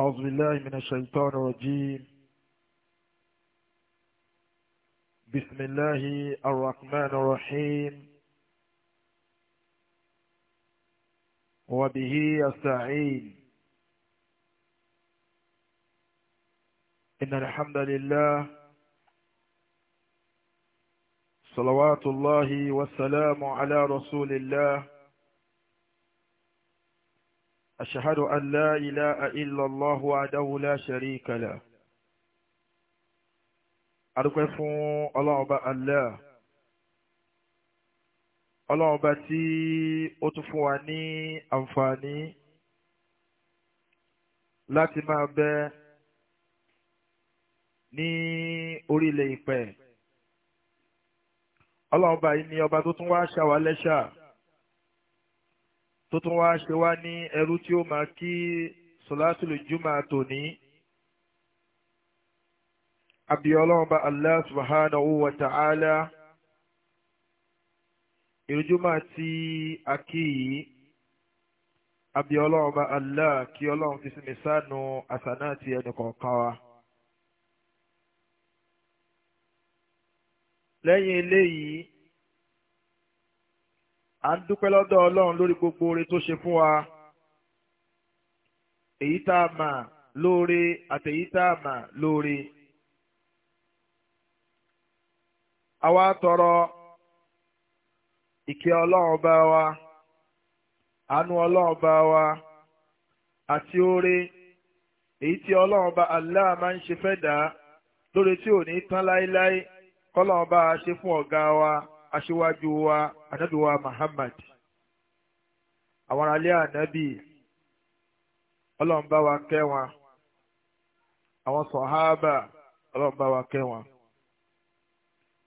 أعوذ بالله من الشيطان الرجيم بسم الله الرحمن الرحيم وبه أستعين إن الحمد لله صلوات الله والسلام على رسول الله أشهد أن لا إله إلا الله وحده لا شريك له adúpẹ́ fún ọlọ́ọ̀ba Allah ọlọ́ọ̀ba tí ó tún fún wa ní àǹfààní láti máa bẹ ní orílẹ̀ ìpẹ́ ọlọ́ọ̀ba yìí ni ọba tó tún wá ṣàwálẹ́ṣà tó tún wá ṣe wá ní ẹrú tí ó máa kí sọlátùlù jùmọ̀ tòní abiyọlọ́run bá allah subhanahu wa ta'ala ìrújúmọ̀ tí a kí yìí allah kí ọlọ́run fi sinmi sánú àsánà ti ẹnì wa. lẹ́yìn eléyìí a ń dúpẹ́ lọ́dọ̀ ọlọ́run lórí gbogbo oore tó ṣe fún wa èyí tá a mà lóore àtèyí tá a mà lóore. àwa tọrọ ìkẹ́ ọlọ́run wa àánú ọlọ́run bá wa àti oore èyí tí ọlọ́run bá Allah máa ń ṣe fẹ́ dà á lóore tí ò ní tán a ṣe fún ọ̀gá wa aṣíwájú wa. ànábì wa Muhammad àwọn alẹ́ ànábì ọlọ́run bá wa kẹ́ wọn àwọn sọ̀háábà ọlọ́run bá wa kẹ́ wọn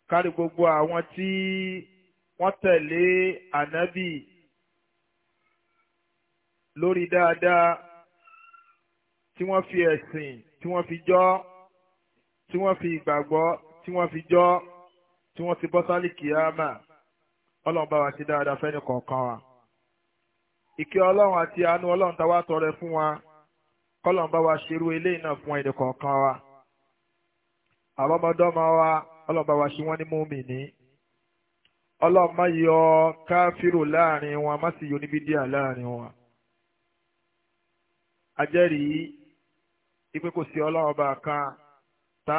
kárí gbogbo àwọn tí wọ́n tẹ̀lé ànábì lórí dáadáa tí wọ́n fi ẹ̀sìn tí wọ́n fi jọ́ tí wọ́n fi ìgbàgbọ́ tí wọ́n fi jọ́ tí wọ́n ti bọ́ sálì kìámà. ọlọ́run wa ti dáadáa fẹ́ni kọ̀ọ̀kan wa ìkẹ́ ọlọ́run àti àánú ọlọ́run tá wàá tọrẹ fún wa kọ́lọ́run bá wa ṣerú eléyìí náà fún kọ̀ọ̀kan wa àwọn wa wa ṣe wọ́n ní mùmínì ọlọ́run má yọ káfírò láàrin wọn má sì yọ níbi díà láàrin wọn ajẹ́rìí ipe kò sí ọlọ́run kan tá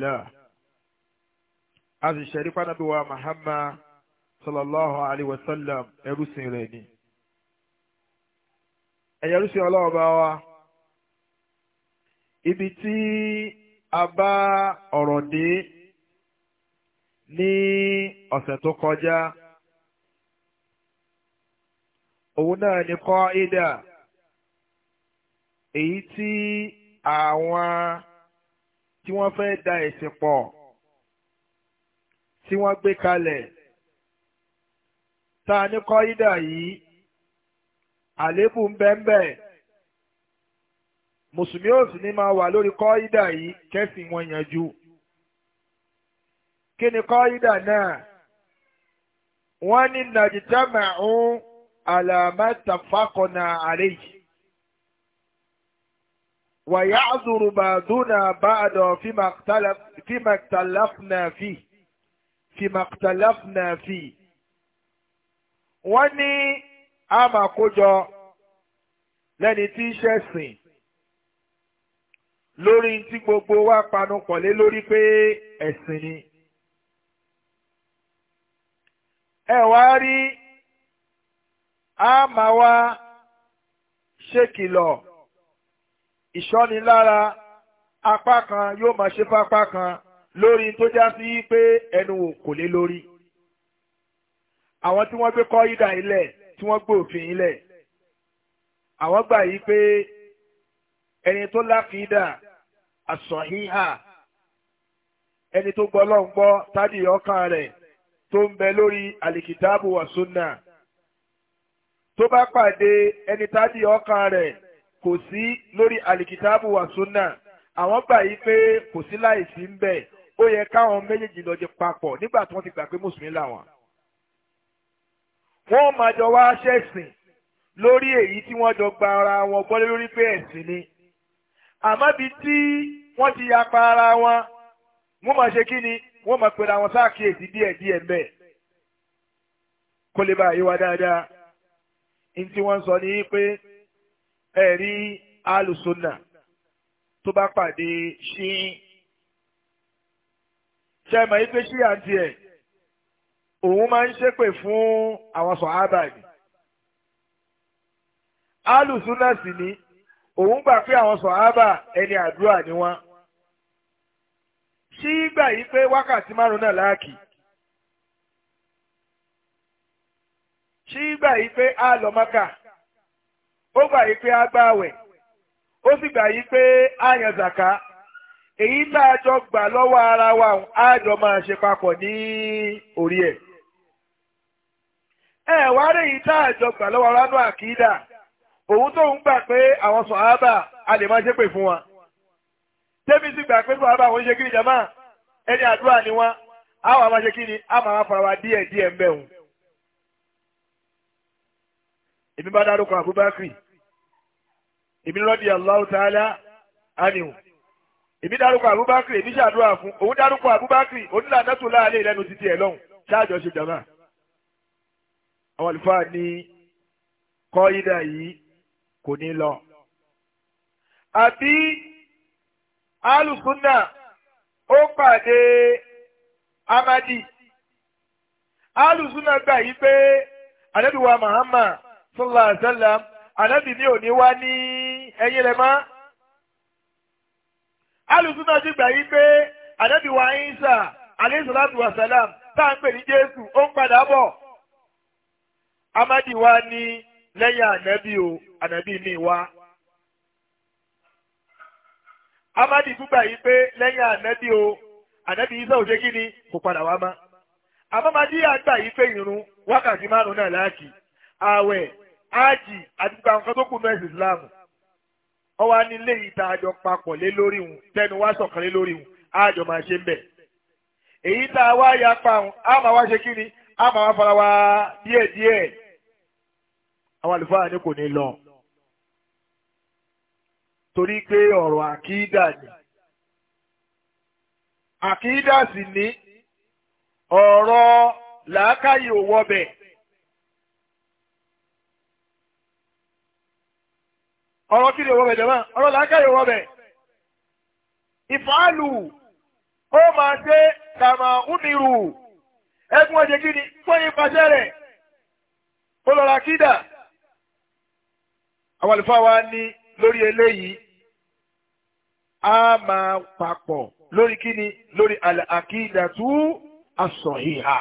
a a sì ṣẹ̀rí pánábí wa Muhammad sallallahu alayhi wa sallam ẹrú sìn rẹ̀ ni. ẹ̀yẹ́rú sí ọlọ́run bá wa ibi tí a bá ọ̀rọ̀ dé ní ọ̀sẹ̀ tó kọjá òun náà ni kọ́ ìdá èyí tí àwọn tí wọ́n fẹ́ da ẹ̀sìn pọ̀ tí wọ́n gbé kalẹ̀ tá a ní kọ́ídà yìí àléébù ń bẹ ń bẹ mùsùlùmí ò sì ní máa wà lórí kọ́ídà yìí kẹ́sìn wọn yanjú kí ni kọ́ídà náà wọ́n ní nàìjíríà ń àlàmẹ́ta fákọ̀nà àléyìí wàyà àzùrùbàdùnà bá àdàn fímà tàlàfnà fima ikhtalafna fi wọ́n ní a máa kójọ lẹ́ni tí ń ṣẹ̀sìn lórí tí gbogbo wa panu pọ̀ lé lórí pé ẹ̀sìn ni. ẹ wá rí a máa wá ṣèkìlọ̀ ìṣọ́nilára apá kan yóò máa ṣe fápá kan. lórí tó já sí pé ẹnu kò lé lórí. àwọn tí wọ́n gbé kọ́ ile ilẹ̀ tí wọ́n gbé òfin ilẹ̀ àwọn gbà yí pé ẹni tó láfíìdà àsọ̀híhà ẹni tó gbọ́ lọ́n gbọ́ tádì ọkàn rẹ̀ tó ń bẹ lórí To wà súnà tó bá pàdé ẹni tádì ọkàn rẹ̀ kò sí lórí àlìkìtáàbù wà súnà àwọn gbà yí pé kò sí láìsí ń ó yẹ káwọn méjèèjì lọ jẹ papọ̀ nígbà tí wọ́n ti gbà pé mùsùlùmí làwọn. wọ́n máa jọ wá ṣẹ̀sìn lórí èyí tí wọ́n jọ gba ara wọn gbọ́lé lórí pé ẹ̀sìn ni àmọ́ bí tí wọ́n ti yapa ara wọn wọ́n máa ṣe kí ni wọ́n máa pera wọn sáàkíyèsí díẹ̀ bẹ́ẹ̀ kó lè bá yé wa dáadáa ní tí wọ́n sọ ní pé ẹ̀rí alùsùnà tó bá pàdé ṣíìn. Chema ifechi anti-air. Òn ma nsepe fun awon sọhaaba ni. Aluzu naasi ni òun gbapị awọn aba eni adua niwan. Chigba eyi pe waka ti na laaki. Chigba eyi pe alomaka o gba eyi pe a gbaa o si gba eyi pe a èyí tá a jọ gbà lọ́wọ́ ara wa á jọ máa ṣe papọ̀ ní orí ẹ̀. ẹ wá rí èyí tá a jọ gbà lọ́wọ́ ara nù àkídà òun tó ń gbà pé àwọn sọ̀hábà a lè máa ṣépè fún wa. tẹ́mi sì gbà pé sọ̀hábà àwọn ṣe kí ni jàmáà ẹni àdúrà ni wọ́n á wà máa ṣe kí ni á máa fara wa díẹ̀ díẹ̀ ń bẹ̀ èmi bá dárúkọ Abubakar èmi rọ́dí Allah ta'ala èmi dárúkọ abubakar èmi ṣàdúrà fún òun dárúkọ abubakar onílànà tó láàlẹ́ ìlẹ́nu títí ẹ̀ lọ́hùn ṣáàjọ ṣe jàmá. àwọn àlùfáà ní kọ́ídà yìí kò ní lọ. àbí alùsùnà ó pàdé amadi alùsùnà gbà yí pé ànábì wa Muhammad sallallahu alaihi wasallam ànábì mi ò ní wá ní ẹ̀yìn rẹ̀ máa alùsùn náà ti gbà yí pé ànábì wa Ìsá alayhi salatu wa salam tá à ń pè ní Jésù ó ń padà bọ̀ amadi wa ní lẹ́yìn ànábì o ànábì mi wá amadi tún gbà yí pé lẹ́yìn ànábì o ànábì Ìsá ò ṣe kí ni kò padà wá má àmọ́mọdé àgbà yìí pé irun wákàtí márùn-ún náà láàkì ààwẹ̀ áàjì àti gbàǹkan tó kù náà ìsìláàmù ọ wá ní ilé ìta àjọ papọ̀ lé lórí wọn tẹnu wá sọ̀kan lé lórí wọn àjọ jọ máa ṣe ń bẹ̀. èyí tá a wá ya pa àwọn á wá ṣe kí ni á wá fara wa díẹ̀díẹ̀ àwọn àlùfáà ni kò ní lọ. torí pé ọ̀rọ̀ àkídà ni àkídà sì ní ọ̀rọ̀ làákàyè ọ̀rọ̀ kí ni ìwọ́bẹ̀ jẹ̀mọ́ ọ̀rọ̀ làákàyè ìwọ́bẹ̀ ìfàálù ó máa ṣe kàmà únirù ẹgbùn ọ̀jẹ̀ kí ni fún ìpàṣẹ rẹ̀ ó lọ́ra kídà àwọn àlùfáà wa ní lórí eléyìí a máa papọ̀ lórí kí ni lórí àkídà tú àsọ̀hìhà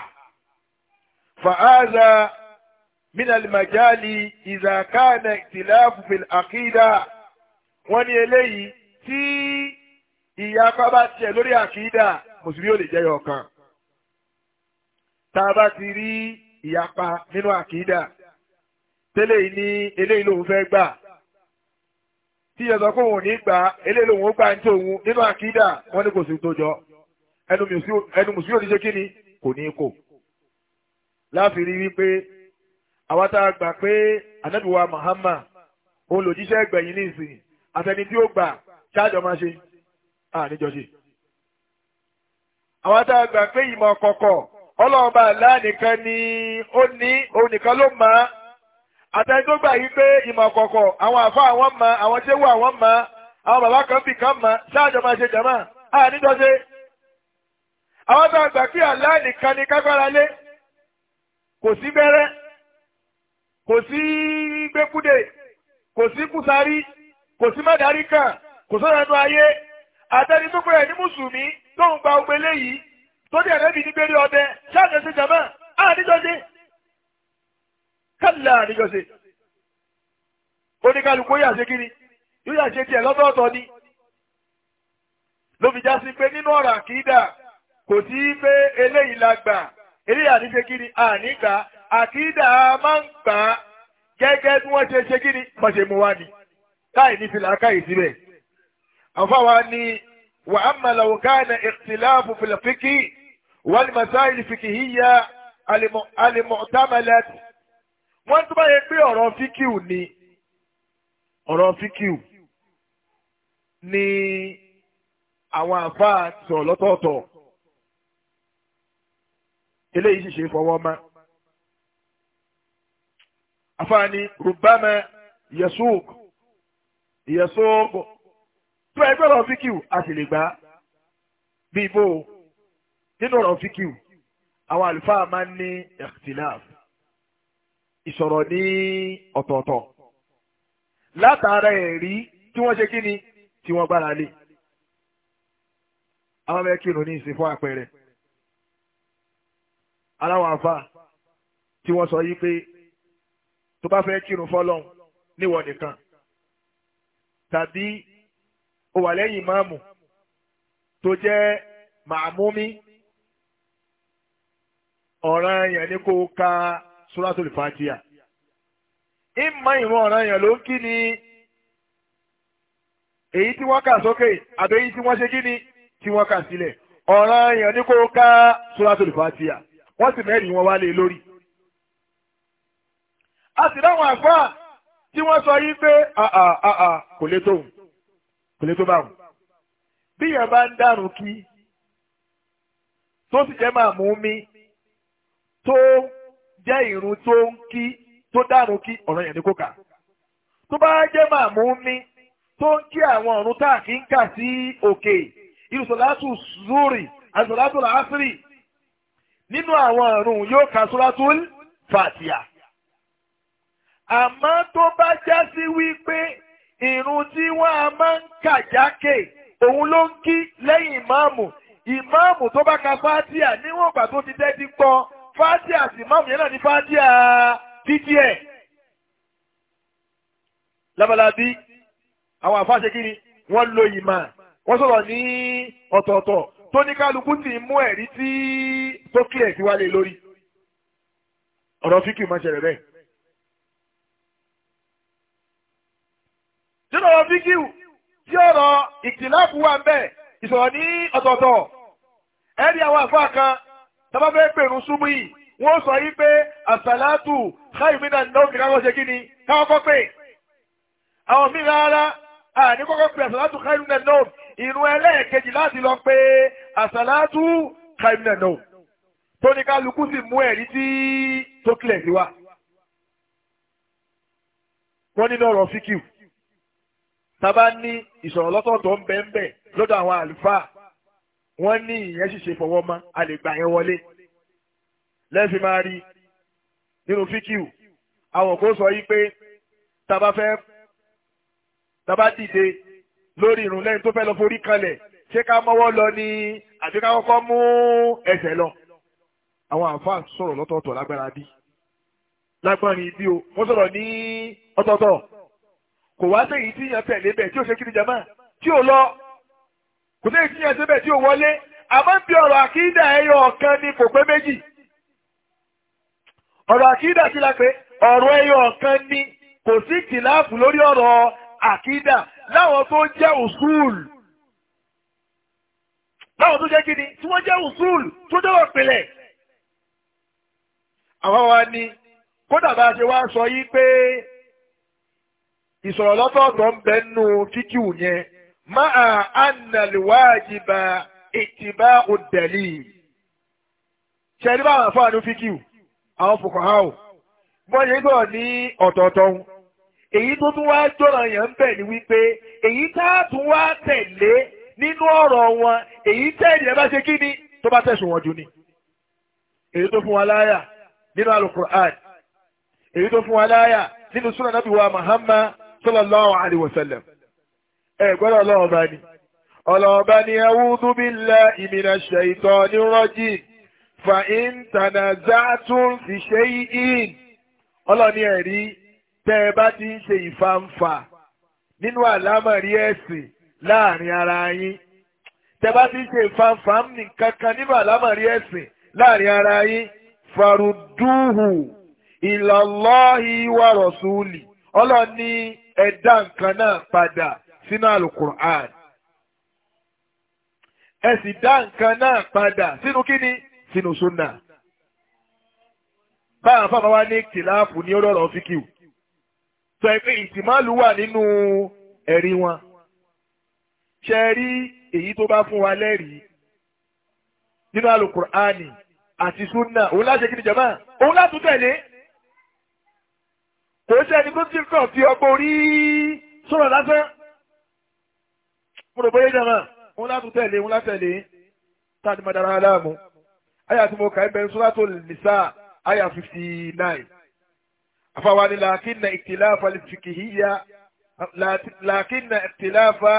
fàáza. من المجال إذا كان اختلاف في العقيدة wọ́n ní eléyìí tí ìyapa bá tiẹ̀ lórí àkídà mùsùlùmí ò lè jẹyọ ọ̀kan tá a bá ti rí ìyapa nínú àkídà tẹ́lẹ̀ yìí ní eléyìí lòun fẹ́ gbà tí ìyẹn sọ pé òun ò ní gbà eléyìí lòun ó gbà ní tòun nínú àwa gbà pé anábìwá Muhammad olùjíṣẹ́ ẹgbẹ̀yìn nísìnyí àtẹni tí ó gbà ṣe àníjọ ṣe. gbà pé ìmọ̀ ọlọ́ọ̀bà ni ó ní onìkan ló mọ̀ á àtẹni tó gbà yìí pé ìmọ̀ kọ̀kọ̀ àwọn àfa àwọn mọ̀ àwọn tẹ́wọ́ àwọn mọ̀ kan kan mọ̀ ṣe kò sí gbẹ́kúdè kò sí kùsàrí kò sí mádàrí kan kò sọ̀rọ̀ ẹnu ayé àtẹni tó pẹ̀lú ẹni mùsùlùmí tó ń gba ogun eléyìí tó dé ẹ̀rẹ́bì ní gbére ọdẹ ṣáàtì ẹ̀sìn jàmọ́ àdíjọ́sí kálá àdíjọ́sí oníkálukú yà ṣe kiri yóò yà ṣe tiẹ̀ lọ́tọ̀ọ̀tọ̀ ni ló fi já sí pé nínú ọ̀rọ̀ àkídà kò sí pé eléyìí la gbà eléyìí àníṣe kiri àníkà àkídà máa ń gbà á gẹ́gẹ́ bí wọ́n ṣe ṣe kí ni wọ́n ṣe mú wá ni táì ní fi làákàyè síbẹ̀. àfáwa ni wa amma law kana ikhtilafu fil fiqhi wal masail fiqhiyya al-mu'tamalat. wọ́n tún bá yẹ pé ọ̀rọ̀ fíkìú ni ọ̀rọ̀ fíkìú ni àwọn àfáà sọ̀ lọ́tọ̀ọ̀tọ̀ eléyìí sì ṣe fọwọ́ máa afaani rubama yasuq yasuq tó ẹgbẹ́ ọ̀rọ̀ fíkìw àtìlẹ́gbà bíi bò nínú ọ̀rọ̀ fíkìw àwọn àlùfáà máa ń ní ikhtilaf ìsọ̀rọ̀ ní ọ̀tọ̀ọ̀tọ̀ látara ẹ̀rí tí wọ́n ṣe kí ni tí wọ́n gbára lé àwọn ọmọ ẹkìrún ní ìsìn fún àpẹẹrẹ aláwọ̀ àfa tí wọ́n sọ yí pé tó bá fẹ́ kírun fọ́lọ́hún níwọ nìkan tàbí ó wà lẹ́yìn máàmù tó jẹ́ màmúmi ọ̀ràn yẹn ni kó ka suratul fatiha ìmọ̀ ìwọ̀n ọ̀ràn yẹn ló ń kí ni èyí tí wọ́n kà sókè àbẹ̀yí tí wọ́n ṣe kí ni tí wọ́n kà sílẹ̀ ọ̀ràn yẹn ni kó ka suratul fatiha wọ́n sì mẹ́rin wọn wá lé lórí a sì dáwọn àfáà tí wọ́n sọ yí pé àà àà kò lè tó kò lè tó báwọn. bí yẹn bá ń dàrú kí tó sì jẹ́ máa mú mi tó jẹ́ ìrun tó ń kí tó dàrú kí ọ̀rọ̀ yẹn ní kó kà tó bá jẹ́ máa mú mi tó ń kí àwọn ọ̀run tá a kì í kà sí òkè irú zúrì àti sọ̀látù nínú àwọn ọ̀run yóò ka suratul fàtíà àmọ́ tó bá já sí wípé ìrun tí wọ́n a máa ń kà jákè òun ló ń kí lẹ́yìn ìmáàmù ìmáàmù tó bá ka fátíà níwọ̀n ìgbà tó ti tẹ́tí gbọ́ fátíà sí ìmáàmù yẹn náà ní fátíà títí ẹ̀. lábalábí àwọn àfáàṣe kí ni wọ́n lo ìmà wọ́n sọ̀rọ̀ ní ọ̀tọ̀ọ̀tọ̀ tó ní kálukú sì mú ẹ̀rí tí tó kílẹ̀ sí wálé lórí ọ̀rọ̀ fíkì máa ṣẹlẹ̀ bẹ́ẹ̀. ọ̀rọ̀ fíkíù tí ọ̀rọ̀ ìtìláàfù wà ń bẹ̀ ìsọ̀rọ̀ ní ọ̀tọ̀ọ̀tọ̀ ẹ̀rí àwọn àfáà kan tọ́ba fẹ́ pèrú súnmù yìí wọ́n sọ yí pé àsàlátù káyìmínà ní òkè káwọ́ ṣe kí ni káwọ́ kọ́ pé àwọn míì rárá àní kọ́kọ́ pé àsàlátù káyìmínà náà ìrun ẹlẹ́ẹ̀kejì láti lọ pé àsàlátù káyìmínà náà tó ní kálukú sì mú ẹ̀rí tí tó kílẹ̀ sí wa. wọ́n nínú ọ̀rọ̀ fíkìú tábà ní ìsọ̀rọ̀ lọ́tọ̀ọ̀tọ̀ ń bẹ́ẹ̀ bẹ́ẹ̀ lọ́dọ̀ àwọn àlùfáà wọ́n ní ìyẹn ṣiṣẹ́ fọwọ́ mọ́ a lè gbà yẹn wọlé lẹ́ẹ̀fì máa rí nínú fíkìú àwọn kò sọ yí pé tábà fẹ́ tábà dìde lórí ìrun lẹ́yìn tó fẹ́ lọ forí kanlẹ̀ ṣé ká mọ́wọ́ lọ ni àti ká kọ́kọ́ mú ẹsẹ̀ lọ àwọn àǹfààní sọ̀rọ̀ lọ́tọ̀ọ̀tọ̀ lágbára bí lágbára bí o wọ́n sọ̀rọ̀ ní ọ̀tọ̀ọ̀tọ̀ kò wá séyìí tí yàn tẹ̀lé bẹ̀ tí ó ṣe kí ni jama tí ó lọ kò séyìí tí yàn tẹ̀lé bẹ̀ tí ó wọlé àmọ́ ń bí ọ̀rọ̀ àkídà ẹyọ ọ̀kan ni kò pé méjì ọ̀rọ̀ àkídà sí la pé ọ̀rọ̀ ẹyọ ọ̀kan ni kò sí kìláàfù lórí ọ̀rọ̀ àkídà láwọn tó jẹ́ usul láwọn tó jẹ́ kí ni tí wọ́n jẹ́ usul tó jẹ́ òpìlẹ̀ àwọn wa ni kódà bá a ṣe wá sọ yìí pé ìsọ̀rọ̀ lọ́tọ̀ọ̀tọ̀ ń bẹ nù fíkìú yẹn máa ànàlùwájibà ìtìbá òdẹ̀lì ṣẹ̀rí báwọn àfáànú fíkìú àwọn fòkànhá ò wọ́n yẹn gbọ́ ní ọ̀tọ̀ọ̀tọ̀ ń èyí tó tún wá jọ̀rọ̀ yẹn ń bẹ̀ ni wípé èyí tá a tún wá tẹ̀lé nínú ọ̀rọ̀ wọn èyí tẹ̀lé ẹ bá ṣe kí ni tó bá tẹ̀sùn wọn jù ni èyí tó fún wa láyà nínú alukur'an èyí tó fún wa láyà nínú súnà nàbí wa Muhammad sallallahu alaihi wasallam ẹ gbọ́dọ̀ ọlọ́run bá ní. ọlọ́run bá ní a'udhu billahi minash shaitonir rajim fa in tanaza'tum fi shay'in ọlọ́run ní ẹ̀rí tẹ́ ẹ bá ti ń ṣe ìfàǹfà nínú àlámọ̀rí ẹ̀sìn láàrin ara yín tẹ́ bá ti ń ṣe ìfàǹfà nìkan kan nínú àlámọ̀rí ẹ̀sìn láàrin ara yín farudúhù ilallahi wa rasuli ọlọ́run ní ẹ dá nǹkan náà padà sínú alukur'an ẹ sì dá nǹkan náà padà sínú kíni sínú sunna báyà fáwọn wa ní kìláàfù ní ọlọ́rọ̀ fíkìw sọ pé ìtìmọ́lù wà nínú ẹ̀rí wọn ṣe rí èyí tó bá fún wa lẹ́rìí nínú alukur'ani àti sunna òun láṣẹ kí ni jama òun látúntẹ̀lé kò sẹ́ni tó ti kàn fi ọgbọ́n orí sọ̀rọ̀ lásán mo rò bóyá jàmá òun látún tẹ̀lé òun látẹ̀lé táàdì máa dára aláàmú àyà tí mo kà ẹ́ bẹ̀rẹ̀ sọ́lá tó lè sá àyà fifty nine àfàwálé làákìnnà ìtìláfà lìfìkìhíyà làákìnnà ìtìláfà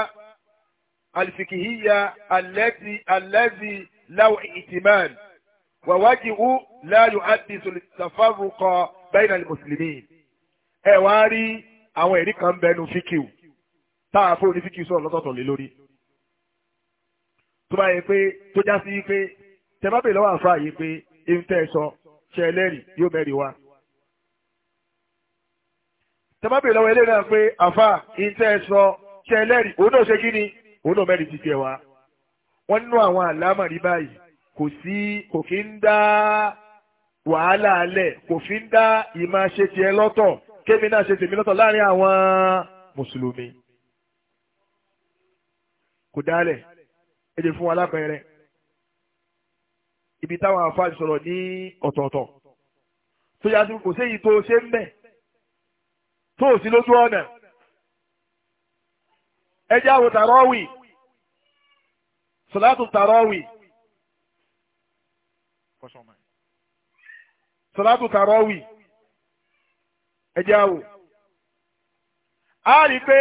الفقهية التي الذي له ائتمان ووجهه لا يحدث التفرق بين المسلمين ẹ wá rí àwọn ẹ̀rí kan bẹnu fíkìw táwọn afọ onífíkìw sọ̀rọ̀ lọ́tọ̀ọ̀tọ̀ lé lórí tó bá yẹ pé tó já sí pé tẹ́fàbẹ̀ lọ́wọ́ àfa yìí pé ẹni tẹ́ ẹ sọ ṣe ẹlẹ́rìí yóò mẹ́rin wá. tẹ́fàbẹ̀ lọ́wọ́ ẹlẹ́rìí náà pé àfa ẹni tẹ́ ẹ sọ ṣe ẹlẹ́rìí òun náà ṣe kí ni òun náà mẹ́rin ti tiẹ̀ wá. wọ́n nínú àwọn àlámọ̀rí báyìí kò sí kò kí ń dá wàhálà alẹ̀ kò fi ń dá ìmáṣe tiẹ̀ lọ́tọ̀ kémi náà ṣe tèmi lọ́tọ̀ láàrin àwọn mùsùlùmí kò dálẹ̀ ẹ jẹ́ fún wa lápẹẹrẹ ibi táwọn àfáàjì sọ̀rọ̀ ní ọ̀tọ̀ọ̀tọ̀ tó yá sí kò séyìí tó ṣe ń bẹ̀ tó sí lójú ọ̀nà ẹ jẹ́ àwọn tàrọ́wì sọ̀látù tàrọ́wì sọ̀látù tàrọ́wì ẹjẹ́ àwò a rí pé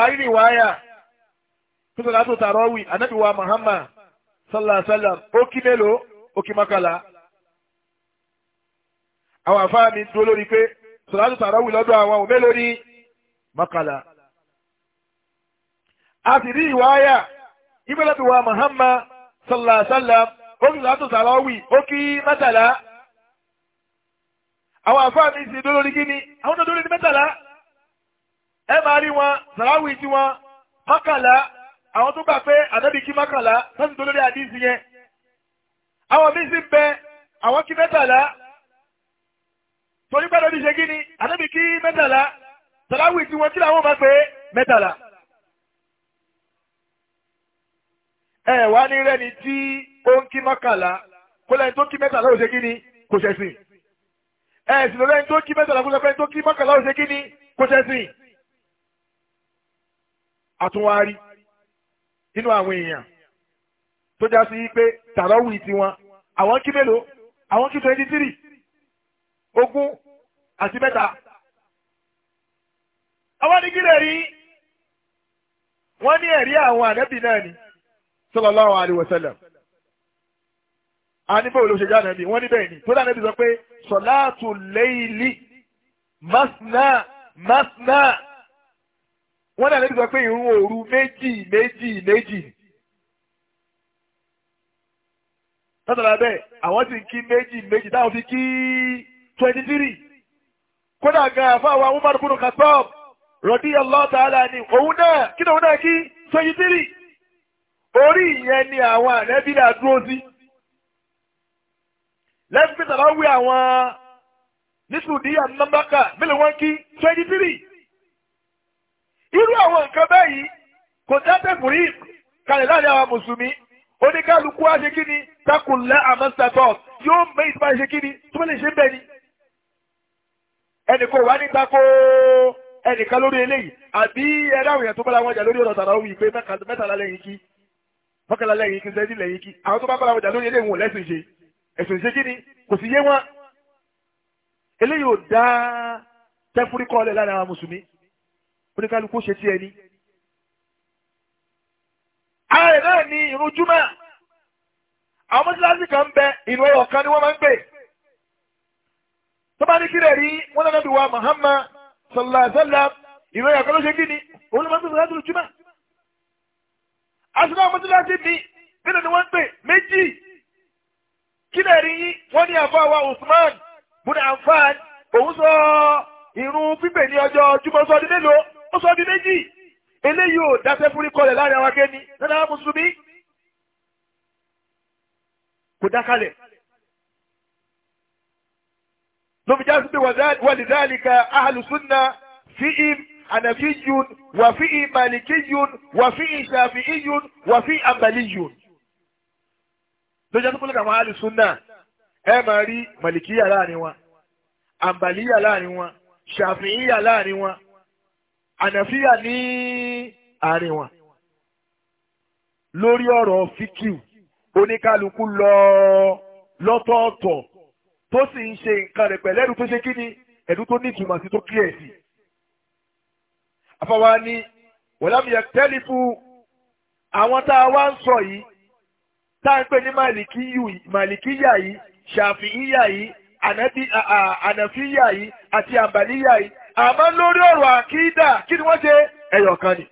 àrírí wáyà tó sọ̀rọ̀ àtò tàrọ́wì anábìwá Muhammad sallallahu alayhi wa sallam ó kí mélòó ó kí mọ́kànlá àwọn àfáà mi dúró lórí pé sọ̀rọ̀ àtò tàrọ́wì lọ́dọ̀ àwọn òun mélòó ní mọ́kànlá a sì rí ìwáyà ìgbẹ́lẹ́bìwá Muhammad sallallahu alayhi wa sallam ó kí sọ̀rọ̀ àtò tàrọ́wì ó àwọn àfáà mi sì dúró lórí kíni àwọn tó dúró lórí mẹ́tàlá ẹ máa rí wọn sàráwì tí wọn mọ́kànlá àwọn tó gbà pé ànábì kí mọ́kànlá sọ́sìn tó lórí àdísì yẹn àwọn mi sì bẹ àwọn kí mẹ́tàlá torí gbọ́dọ̀ bí ṣe kíni ànábì kí mẹ́tàlá sàráwì tí wọn kí máa pé mẹ́tàlá. ẹ wá ní rẹ́ni tí ó ń kí mọ́kànlá kó lẹ́yìn tó kí mẹ́tàlá ò ṣe kíni kò ṣẹ̀sìn ẹ sì lọ́rẹ́ tó kí mẹ́tàlá kó lọ́pẹ́ tó kí mọ́kànlá òṣè kí ni kó sẹ́sìn. àtúnwárí nínú àwọn èèyàn tó já sí pé tàrọ́wì tiwọn àwọn kí mélòó àwọn kí twenty three ogún àti mẹ́ta. àwọn ní kílẹ̀ rí wọ́n ní ẹ̀rí àwọn ànábì náà ni sallallahu alaihi wasallam a ní bẹ́ẹ̀ ló ṣe jáde bí wọ́n ní bẹ́ẹ̀ ni tó dáná sọ pé sọ̀láàtù léyìlì masna masna wọ́n dáná bí sọ pé ìrun òru méjì méjì méjì tọ́tàlá bẹ́ẹ̀ àwọn ti kí méjì méjì táwọn fi kí twenty three kódà gan àfáwọn àwọn Umar ibn Khattab radiyallahu ta'ala ni òun náà kí ni òun náà kí twenty three orí ìyẹn ni àwọn ànẹ́bí náà dúró sí lẹ́sìn tàbá wí àwọn nísùdíyà nàmbákà mélòó wọn kí twenty three irú àwọn nǹkan báyìí kò dábẹ́ kùrí kalẹ̀ láàrin àwọn mùsùlùmí oníkálukú á ṣe kí ni takunlẹ̀ amasatot yóò mẹ́ ìtumá ṣe kí ni tó lè ṣe bẹ́ẹ̀ ni ẹnì kò wá ní tako ẹnìkan lórí eléyìí àbí ẹ̀rọ àwọn èèyàn tó bára wọn jà lórí ọ̀rọ̀ tàrà ó wí pé mẹ́tàlá lẹ́yìn kí mọ́kànlá lẹ́yìn kí sẹ́yìn lẹ́yìn kí àwọn tó bá bára wọn jà lórí eléyìí wọn lẹ́sìn ṣe ẹ̀sùn ìṣe kíni kò sì yé wọn eléyìí ò dá tẹ́fúrí kọ́ ọ́lẹ̀ lára àwọn mùsùlùmí oníkálukú ṣe tiẹ̀ ni. ara rẹ̀ náà ni irun júmọ́ àwọn mọ́sálásí kan ń bẹ ìlú ọ̀rọ̀ kan ni wọ́n máa ń gbè tó bá ní kílẹ̀ rí wọn lọ́nà bí wa Muhammad sallallahu alaihi ìlú ọ̀rọ̀ kan ló ṣe kí òun ló máa ń gbé sọ́dọ̀ júmọ́ àṣìlá mọ́sálásí mi nínú kílẹ̀ rí yín wọ́n ní àfáà wa Usman bùnà àǹfààní òun sọ irun pípè ní ọjọ́ jùmọ̀ sọ di mélòó ó sọ di méjì eléyìí ò dáṣẹ́ fúrí kọlẹ̀ láàrin àwọn akẹ́ni nínú àwọn mùsùlùmí kò dákalẹ̀ lómi jáde pé wàlìdáàlìkà ahàlùsúnà fi im ànàfíyùn wàfíì màlìkíyùn wàfíì ṣàfíìyùn wàfíì àbàlíyùn tó jẹ́ pípọ́lẹ́ àwọn alùsùnà ẹ máa rí màlìkíyà láàrin wọn àǹbàlíyà láàrin wọn ṣàfihìyà láàrin wọn ànàfíyà ní àárín wọn lórí ọ̀rọ̀ fíkìw oníkálukú lọ lọ́tọ̀ọ̀tọ̀ tó sì ń ṣe nǹkan rẹ̀ pẹ̀lú ẹ̀rù tó ṣe kí ni ẹ̀rù tó ní ìtumọ̀ sí tó kíyè sí. àfọwọ́ ni wọ́n lámìyàn tẹ́lifù àwọn tá a wá ń sọ yìí táǹpẹ́ ní màlìkíyà yìí ṣàfihíyà yìí ànàfíyà yìí àti àbàníyà yìí àmọ́ lórí ọ̀rọ̀ àkídà kí ni wọ́n ṣe ẹ̀yọ̀ kan ni.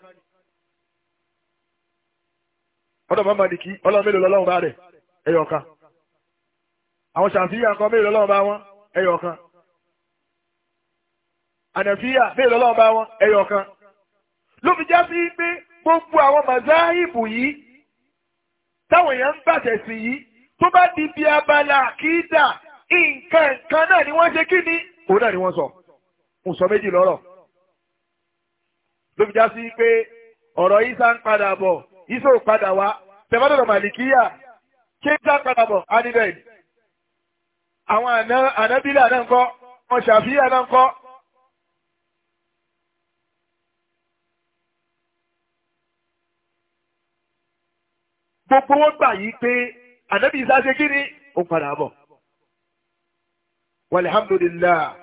ọ̀dọ̀ bá màlìkí ọlọ́run mélòó lọ́lọ́run bá rẹ̀ ẹ̀yọ̀ kan. àwọn ṣàfihàn kan mélòó lọ́lọ́run bá wọn ẹ̀yọ̀ kan. ànàfíyà mélòó lọ́lọ́run bá wọn ẹ̀yọ̀ kan. ló fi já sí pé gbogbo àwọn màzáìbù yìí táwọn èèyàn ń bàtẹ̀ sí yìí tó bá di bí abala àkídà nǹkan nǹkan náà ni wọ́n ṣe kí ni òun náà ni wọ́n sọ òun sọ méjì lọ́rọ̀ ló fi já sí pé ọ̀rọ̀ isa ń padà bọ̀ isa ò padà wá tẹ̀fọ́dọ̀dọ̀ màlìkíyà ṣé isa padà bọ̀ ánibẹ̀ àwọn ànábílà náà ń kọ́ wọn ṣàfihàn náà ń kọ́ gbogbo wọn gbà yí pé ànábì Ìsá ṣe kí ni ó padà bọ̀. walhamdulillah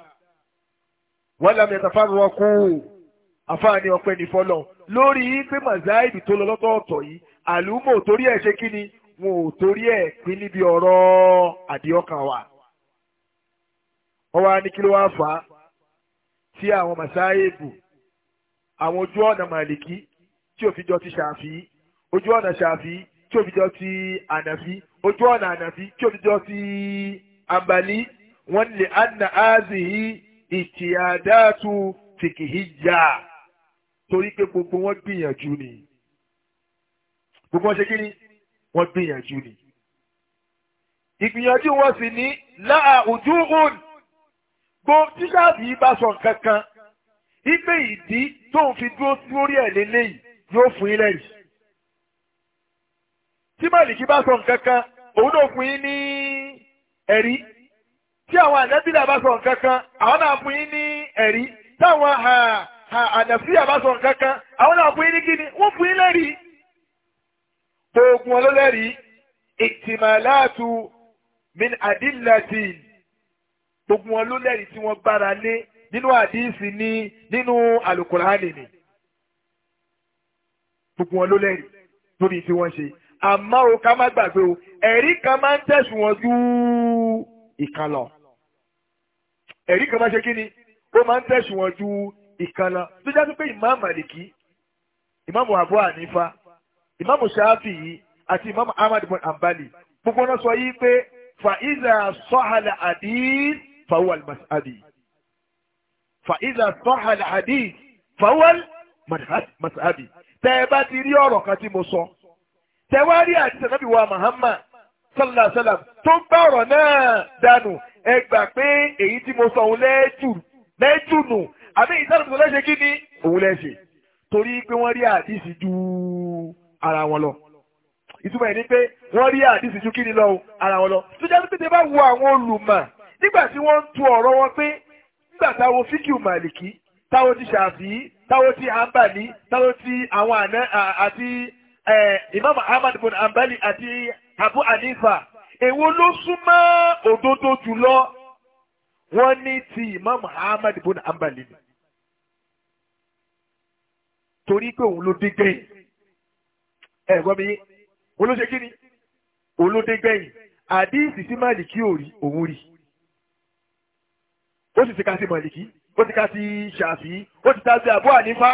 walam yatafarraqu àfáàní ọpẹ́ ní fọlọ́ lórí pé màzáìbì tó lọ lọ́tọ̀ọ̀tọ̀ yìí àlùmọ̀ torí ẹ̀ ṣe kí ni wọn ò torí ẹ̀ pín níbi ọ̀rọ̀ àdìọ́kàn wa. wọ́n wá kí ló wá fà á tí àwọn màsáìbù àwọn ojú ọ̀nà màlìkí tí òfin jọ ti ṣàfihì ojú ọ̀nà ṣàfihì tí ó fi jọ ti ànàfi ojú ọ̀nà ànàfi tí ó fi jọ ti àǹbàlí wọ́n lè àna àzìhí ìtìyàdáàtú fìkìhíyà torí pé gbogbo wọn gbìyànjú ni gbogbo wọn ṣe kí ni wọn gbìyànjú ni ìgbìyànjú wọn sì ní láà ojú òun gbó tíṣàbí bá sọ kankan ipe ìdí tóun fi dúró lórí ẹ̀ lélẹ́yìí yóò fún yín lẹ́yìn tí màlìkí bá sọ nǹkan kan òun náà fún yín ní ẹ̀rí tí àwọn ànábìlà bá sọ nǹkan kan àwọn náà fún yín ní ẹ̀rí táwọn ànàfíà bá sọ nǹkan kan àwọn náà fún yín ní kíni wọ́n fún yín lẹ́rìí oògùn ọlọ́lẹ́rìí ìtìmọ̀láàtù min àdínlàtì oògùn ọlọ́lẹ́rìí tí wọ́n gbára lé nínú àdíìsì ni nínú àlùkùránì ni oògùn ọlọ́lẹ́rìí lórí tí wọ́n ṣe àmọ́ o ká má gbàgbé o ẹ̀rí kan máa ń tẹ̀sùn wọn ju ìkan lọ ẹ̀rí kan máa ṣe kí ni ó máa ń tẹ̀sùn ju ìkan tó jásí pé ìmáàmù Màlìkí ìmáàmù Abu Hanifa ìmáàmù Ṣáfì yìí àti ìmáàmù Ahmad bin Ambali gbogbo náà sọ yìí pé fa iza sọ́hàlà àdìs fawal mas'adi fa iza sọ́hàlà àdìs fawal mas'adi tẹ́ ẹ bá ti rí ọ̀rọ̀ kan tí mo sọ. So tẹwárí àti sànàbí wa Muhammad sallallahu alayhi wa sallam tó ń bá ọ̀rọ̀ náà dànù ẹ gbà pé èyí tí mo sọ òun lẹ́jù lẹ́jù nù àbí ìsàlùmí lẹ́sẹ̀ kí ni òun lẹ́sẹ̀ torí pé wọ́n rí àdìsí ju ara wọn lọ ìtumọ̀ ẹ̀ ni pé wọ́n rí àdìsí ju kí ni lọ ara wọn lọ tó jẹ́ pé tẹ bá wo àwọn olùmọ̀ nígbà tí wọ́n ń tu ọ̀rọ̀ wọn pé nígbà táwọn fíkìú màlìkì táwọn ti ṣàfì táwọn ti àǹbàlì táwọn ti àwọn àná àti Imam Ahmad bin Ambali àti Abu Hanifa èwo ló súnmọ́ òdodo jùlọ wọ́n ní ti Imam Ahmad bin Ambali ni torí pé òun ló dé gbẹ̀yìn ẹ gbọ́ mi yé òun ló ṣe kí ni òun ló dé gbẹ̀yìn àdíìsì sí Màlìkí ò rí òun rí ó sì ti ká sí Màlìkí ó ti ká sí Ṣàfí ó ti ká sí Abu Hanifa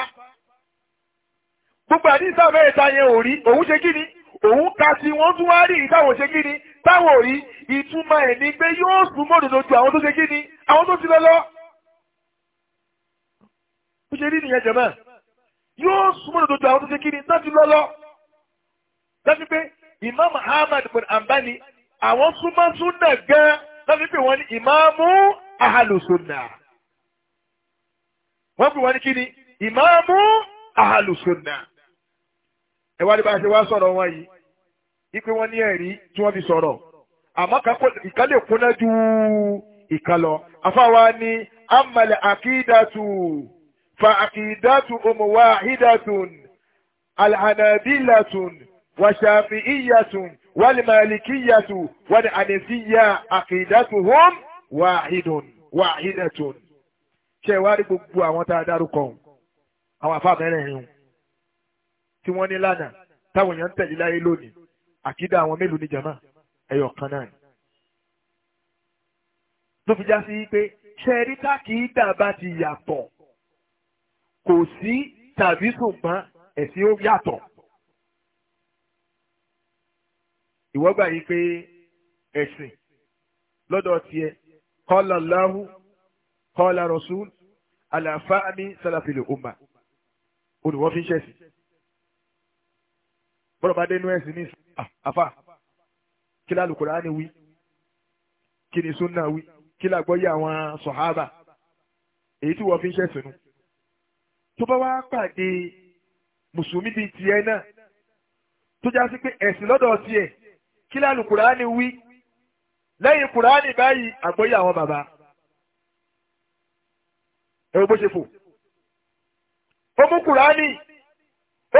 gbogbo àdìsá mẹ́ta yẹn ò rí òun ṣe kí ni òun ka sí wọ́n tún wá rí ìtàwọn ṣe kí ni táwọn ò rí ìtumọ̀ ẹ̀ ni pé yóò sùn mọ́ òdòdó ju àwọn tó ṣe kí ni àwọn tó ti lọ lọ. ó ṣe rí nìyẹn jẹ̀mọ́ yóò sùn mọ́ òdòdó ju àwọn tó ṣe kí ni tó ti lọ lọ. lọ́sí pé Imam Ahmad bin Ambani àwọn súnmọ́ súnà gan-an lọ́sí pé wọ́n ní ìmáàmù ahàlùsùnà. wọ́n pè wọ́n ní kí ni ìmáàmù ahàlùsùnà ẹ wá ní bá a ṣe wá sọ̀rọ̀ wọn yìí ipe wọn ní ẹ̀rí tí wọ́n fi sọ̀rọ̀ àmọ́ ìkan lè kúnná ju ìkan lọ afáwa ní amàlẹ̀ àkídàtù fa àkídàtù umuwahidatun alhanabilatun wàṣàfihiyatun wàlìmàlìkíyatù wàlìhànẹ́síyà àkídàtù hom wàhidun wàhidatun ṣe wá gbogbo àwọn tá a dárúkọ àwọn afáàmẹ́rẹ̀ẹ́rin tí wọ́n ní lánàá táwọn èèyàn ń tẹ̀lé láyé lónìí àkídà àwọn mélòó ní jama ẹyọ kan náà ni. tó fi já sí pé ṣẹ́ẹ́rí tákìídà bá ti yàtọ̀ kò sí tàbí ṣùgbọ́n ẹ̀sìn ó yàtọ̀. ìwọ gbà yí pé ẹ̀sìn lọ́dọ̀ tiẹ̀ kọ́lá láhù kọ́lá rọ̀ṣúl àlàfáàmì sálàfilè ọmọ olùwọ́ fi ń ṣẹ̀sìn bọ́lọ̀ bá dé inú ẹ̀sìn ní àfà kí lálùkùrá ni wí kí ni súnà wí kí làgbọ́yé àwọn sọ̀hábà èyí tí wọ́n fi ń ṣẹ̀sìn nu tó bá wá pàdé mùsùlùmí bíi tiẹ̀ náà tó já sí pé ẹ̀sìn lọ́dọ̀ tiẹ̀ kí lálùkùrá ni wí lẹ́yìn kùránì báyìí àgbọ́yé àwọn bàbá ẹ̀rọ bó ṣe fò ó mú kùránì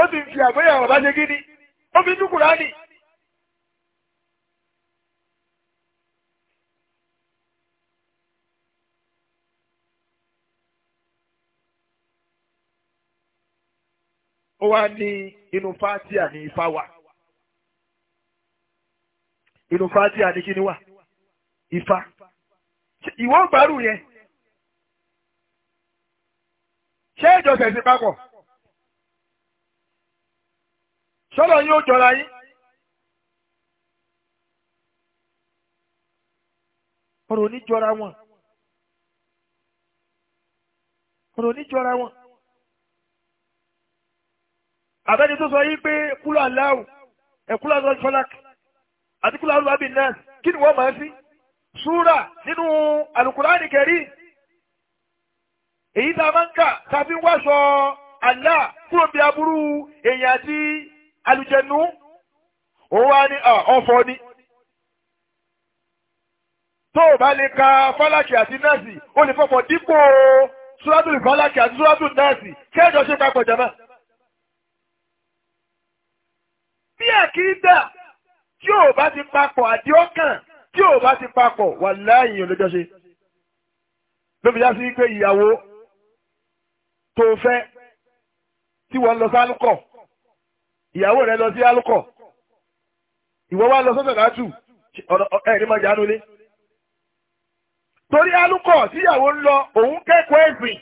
ó sì fi àgbọ́yé àwọn bàbá ṣe gíní ó fi tú kùránì. ó wá ní inú fatia ní ifá wà inú fatia ní kíni wà ifá ìwọ gbàrú yẹn ṣé ìjọsẹ̀ sí papọ̀ sọ́dọ̀ yóò jọra yín. ọ̀rọ̀ oníjọra wọn ọ̀rọ̀ oníjọra wọn àbẹ́ni tó sọ yí pé kúlọ̀ aláwù ẹ̀kúlọ̀ azọ́ fọlák àti kúlọ̀ alùpàá bíi nọ́ọ̀sì kí ni wọ́n máa fi súrà nínú alukurani kẹrí èyí tá a máa ń kà tá a fi ń wáṣọ àlá kúrò aburú èèyàn àti alùjẹ̀nú òun wá ní ah, ọ̀fọ̀ ni tó o bá lè ka fálákì àti nọ́ọ̀sì o lè fọ̀pọ̀ dípò súrádùn fálákì àti súrádùn nọ́ọ̀sì kí ẹ̀jọ̀ ṣe papọ̀ jàmá. bí àkíńdà tí ò bá ti papọ̀ àdíọ́kàn tí ò bá ti papọ̀ wà láàyè olójọ́ ṣe. lóbi já sí pé ìyàwó tó fẹ́ tí wọ́n lọ sálùkọ̀ ìyàwó rẹ lọ sí alukọ ìwọ wa lọ sọ́dọ̀ látù ẹ̀rí máa jánu lé torí alukọ tíyàwó ń lọ òun kẹ́kọ̀ọ́ ẹ̀sìn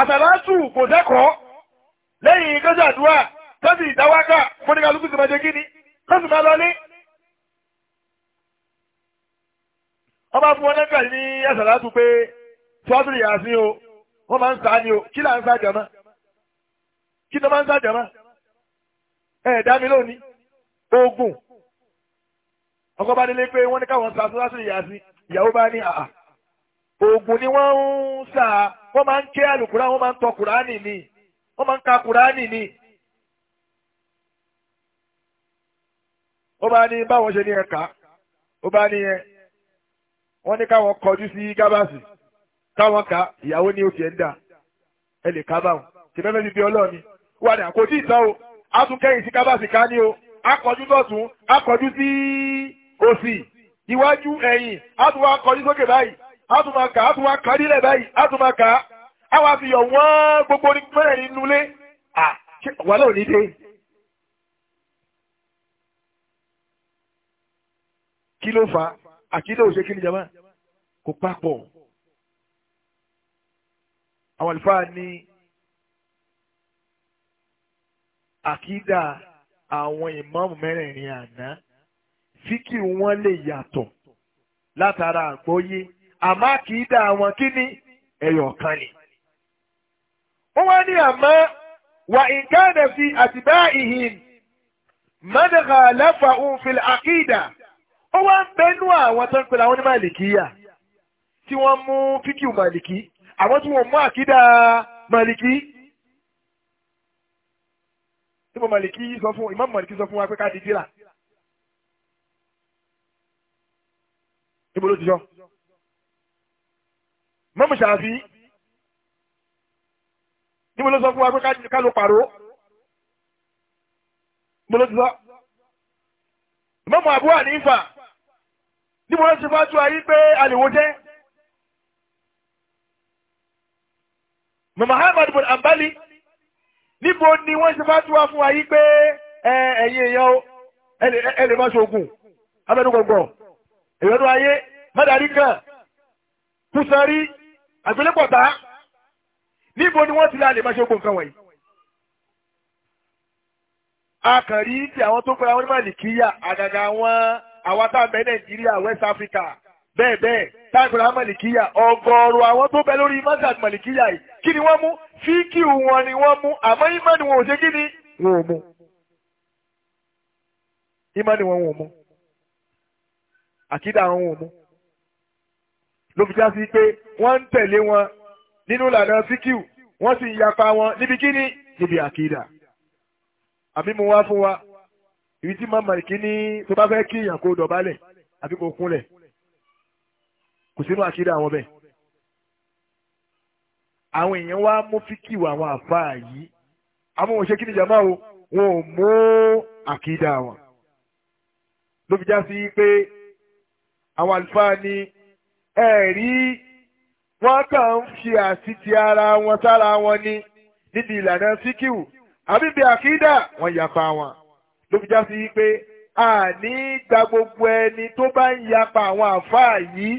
àtàlátù kò dẹ́kọ̀ọ́ lẹ́yìn gọ́jàdúrà tọ́sí ìdáwákà fúnikàlùkù sì máa jẹ kí ni tọ́sí máa lọ lé. wọ́n máa fún wọn lẹ́gbẹ̀ẹ́ ní àtàlátù pé tọ́sí ìyàsí o wọ́n máa ń sá ni o kí là ń sá jàmá kí ló máa ń sá jàmá ẹ̀ẹ́dá mi lónìí ogun ọkọ bá délé pé wọ́n ní káwọn sa sọ́dá sí ìyàwó bá ní àà ogun ni wọ́n ń sà wọ́n máa ń ké àlùkùrá wọ́n máa ń tọ kùránì ni wọ́n máa ń ka kùránì ni. ó bá ní báwọn ṣe ní ẹ̀ka ó bá ní ẹ wọ́n ní káwọn kọjú sí gábàsì káwọn ka ìyàwó ní oṣù ń dà ẹ lè ká báwọn tìbẹ́fẹ́ fi bí ọlọ́ọ̀ni wà ní àkójú ìtàn o átúnkẹ́yìn sí kábàsì ká ní o akọjú tọ̀tún akọjú sí òsì iwájú ẹ̀yìn átún wá kọjú sókè báyìí átún máa kà átún wá kà nílẹ̀ báyìí átún máa kà á wá fi yọ̀ wọ́n gbogbo ní mẹ́rẹ̀ nínú ilé wà lóò ní dé. kí ló fà á àti ilé òṣèkí ni jama kò papọ̀ àwọn àlùfáà ní. àkídà àwọn ìmáàmù mẹ́rẹ̀ẹ̀rin àná fíkì wọn lè yàtọ̀ látara àgbọ́yé àmọ́ àkídà àwọn kíní ẹ̀yọ̀ kan ni. wọ́n wá ní àmọ́ wà ìkànnì fi àtibá ìhìn mọ́dàkà lẹ́fà òfin àkídà ó wá ń bẹnu àwọn tó ń pèlè àwọn onímọ̀lìkíyà tí wọ́n mú fíkì màlìkí àwọn tí wọ́n mú àkídà màlìkí mo Màlìkí sọ fún Imam Màlìkí sọ fún wa pé ká di tírà níbo ló ti sọ Imam Ṣàfi níbo ló sọ fún wa pé ká ló pàrọ̀ níbo ló ti sọ Imam Abu Hanifa níbo ló ti fà tó ayé pé bin Ambali níbo ni wọ́n ṣe fàtú wá fún wa yí pé ẹ̀yin èèyàn ẹ lè má ṣoògùn abẹ́nugbọ̀ngbọ̀ èèyàn ayé mẹ́dàrí kan kùsàrí àgbélépọ̀tà níbo ni wọ́n ti lálẹ́ má ṣoògùn kan wọ̀nyí. a kàn ti àwọn tó pera wọn ní màlìkíyà àgàgà wọn àwa tá a Nàìjíríà West Africa bẹ́ẹ̀ bẹ́ẹ̀ tá a pera wọn màlìkíyà ọgọ́rùn àwọn tó bẹ lórí mọ́sàd màlìkíyà yìí kí ni wọ́n mú fíkì wọn ni wọ́n mú àmọ́ ìmánì wọn ò ṣe kí ni wọn ò mú ìmánì wọn ò mú àkídà wọn ò mú ló fi já sí pé wọ́n ń tẹ̀lé wọn nínú ìlànà fíkì wọ́n sì yapa wọn níbi kí ni níbi àkídà àbí mo wá fún wa ibi tí màmá ìkíní tó bá fẹ́ kí ìyàn kó dọ̀bálẹ̀ àbí kó kúnlẹ̀ kò sínú àkídà wọn bẹ́ẹ̀ àwọn èèyàn wá mú fíkìwò àwọn àfáà yìí àwọn òṣè kí ni jàmbá o wọn ò mú àkídà wọn ló fi já sí pé àwọn àlùfáà ni ẹ̀rí wọ́n kàn ń fi àṣìṣe ara wọn sára wọn ní níbi ìlànà fíkìwò àbí bí àkídà wọn yapa wọn ló fi já sí pé àní gba gbogbo ẹni tó bá ń yapa àwọn àfáà yìí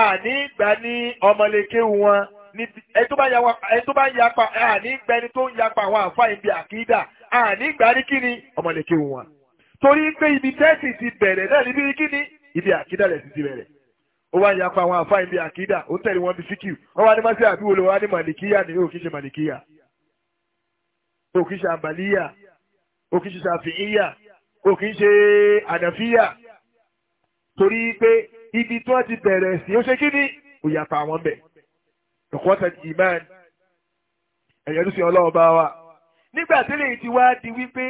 àní gbà ní ọmọlẹ́kẹ́ wọn níbi ẹni tó bá ń yapa àní gba ẹni tó ń yapa àwọn àǹfààní bíi àkídà àní gba ní kíni ọmọlẹ́kẹ́ wọn. torí pé ibi tẹ́sì ti bẹ̀rẹ̀ náà níbi kíni ibi àkídà rẹ̀ sì ti bẹ̀rẹ̀. ó wá ń yapa àwọn àǹfààní bíi àkídà ó tẹ̀lé wọn bí síkìú wọ́n wá ní mọ́sí àbíwò lọ́wọ́ ní màlìkíyà ni ó ṣe màlìkíyà ó ṣe àǹbàlíyà ó ṣe ṣàfihíyà ó ṣe ànàfíyà torí pé ibi tí wọ́n ti bẹ̀rẹ̀ sí ó ṣe kíni ó yapa àwọn bẹ́ẹ̀ ìkọ́tà ìmáàn ẹ̀yẹ́dú sí ọlọ́run bá wa. nígbà tí lè ti wá di wípé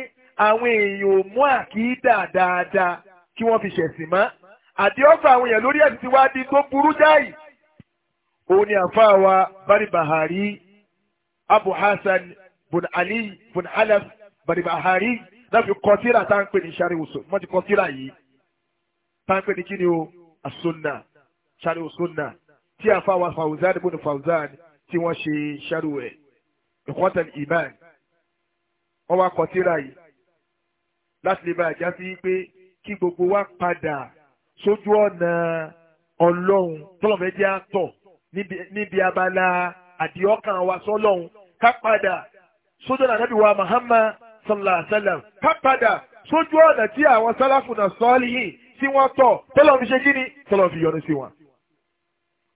àwọn èèyàn ò mú àkídà dáadáa kí wọ́n fi ṣẹ̀sìn mọ́ àdéhọ́fà àwọn èèyàn lórí ẹ̀sìn ti wá di tó burú jáì. òun ni àfáà wa bari bahari abu hasan bun ali bun alaf bari bahari láfi kọtíra tá à ń pè ní sariwusu wọ́n ti kọtíra yìí tá à ń pè ní kí ni o asunna sariwusunna tí àfàwà fàwùzán ibùdó fàwùzán tí wọ́n ṣe ṣẹ́rù rẹ̀ ìkọ́tẹ̀lì iman wọ́n wá kọ tírà yìí láti lè bá àjá sí pé kí gbogbo wa padà sójú ọ̀nà ọlọ́run tọ́lọ̀fẹ́ jẹ́ àtọ̀ níbi abala àdìọ́kàn wa sọ́lọ́run ká padà sójú ọ̀nà ànábì wa Muhammad sallallahu alaihi wasallam ká padà sójú ọ̀nà tí àwọn sálàfù náà sọ́ọ́lì yìí tí wọ́n tọ̀ tọ́lọ̀ ṣe kí ni tọ́lọ̀ fi yọ́nú sí wọn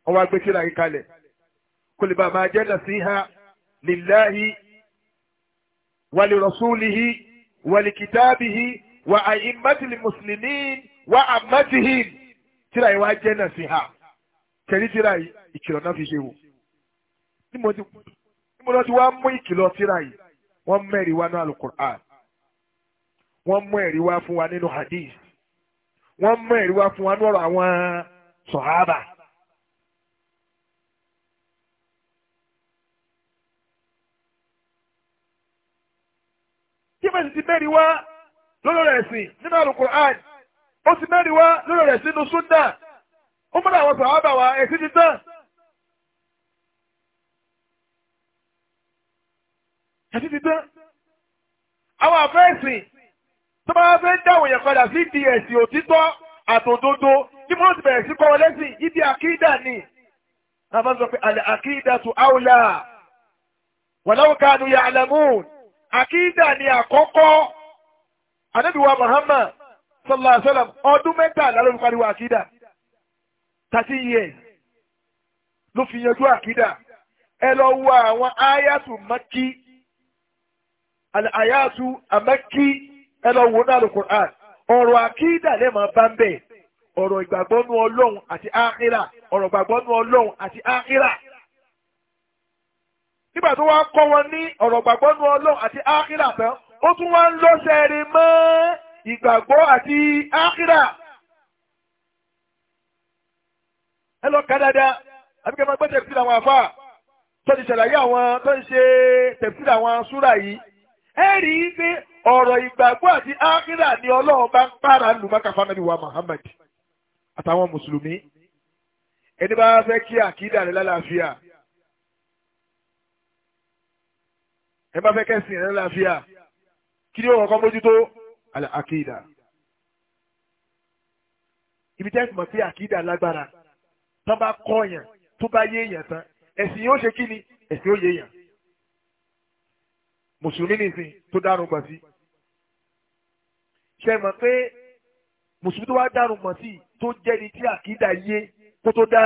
ó wá gbé tírà yìí kalẹ̀ kó lè bá máa jẹ́ nasiha lillahi wa li rasulihi wa li kitabihi wa a'immatil muslimin wa ammatihim tírà yìí wá jẹ́ nasiha tẹ̀lé tírà yìí ìkìlọ̀ náà fi ṣe wò ní mo ti wá mú ìkìlọ̀ tírà yìí wọ́n mẹ́rin wá náà al wọ́n mú ẹ̀rí wá fún wa nínú hadith wọ́n mú ẹ̀rí wá fún wa nínú ọ̀rọ̀ àwọn sọ̀hábà mẹ́sì ti mẹ́rin wá lórí rẹ̀ sìn nínú Al-Qur'an ó ti mẹ́rin wá lórí rẹ̀ sínú súnà ó múra àwọn sàhábà wa ẹ̀sìn ti tán. ẹ̀sìn ti tán. àwọn àfẹ́sìn tó bá fẹ́ dáwọ̀ yẹn padà sí di ẹ̀sìn òtítọ́ àtòdodo tí mo ti bẹ̀rẹ̀ sí kọ́ wọn lẹ́sìn ibi àkídà ni. Nàbà sọ pé àlẹ́ àkídà tó áwùlà wàláwùká nu ya'lamun àkídà ni àkọ́kọ́ anábìwá Muhammad sallallahu alayhi wa sallam ọdún mẹ́tàlá ló fi pariwo àkídà thirteen years ló fi yanjú àkídà ẹ lọ wo àwọn ayatu maki àyàtú àmẹ́kí ẹ lọ wo náà Al-Qur'an ọ̀rọ̀ àkídà lè máa bá ń bẹ̀ ọ̀rọ̀ ìgbàgbọ́nú ọlọ́run àti áhírà ọ̀rọ̀ ìgbàgbọ́nú ọlọ́run àti áhírà nígbà tó wá kọ́ wọn ní ọ̀rọ̀ gbàgbọ́ nu ọlọ́run àti ákírà tán ó tún wá ń lọ sẹ́ẹ̀rì mọ́ ìgbàgbọ́ àti ákírà. ẹ lọ ká dáadáa àbíkẹ́ máa gbé tẹ̀síìlì àwọn àfà tó ti ṣàlàyé àwọn tó ń ṣe tẹ̀síìlì àwọn súrà yìí. ẹ rí i pé ọ̀rọ̀ ìgbàgbọ́ àti ákírà ni ọlọ́run bá ń pààrà lùmọ́kà fanabi wa Muhammad àtàwọn mùsùlùmí ẹni bá fẹ́ kí àkídà rẹ̀ lálàáfíà ẹ bá fẹ́ kẹ́sìn rẹ láàfíà kí ni òun kọ́ mójútó àkìdá ibi tẹ́ ẹ mọ̀ sí àkìdá lágbára tó bá kọ́ yẹn tó bá yé yẹn tán ẹ̀sìn yóò ṣe kí ni ẹ̀sìn yóò yé yẹn mùsùlùmí nìsín tó dárun gbọ̀n sí ṣe mọ̀ pé mùsùlùmí tó wá dárun gbọ̀n sí tó jẹ́ni tí àkìdá yé kó tó dá